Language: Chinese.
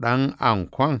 当昂宽。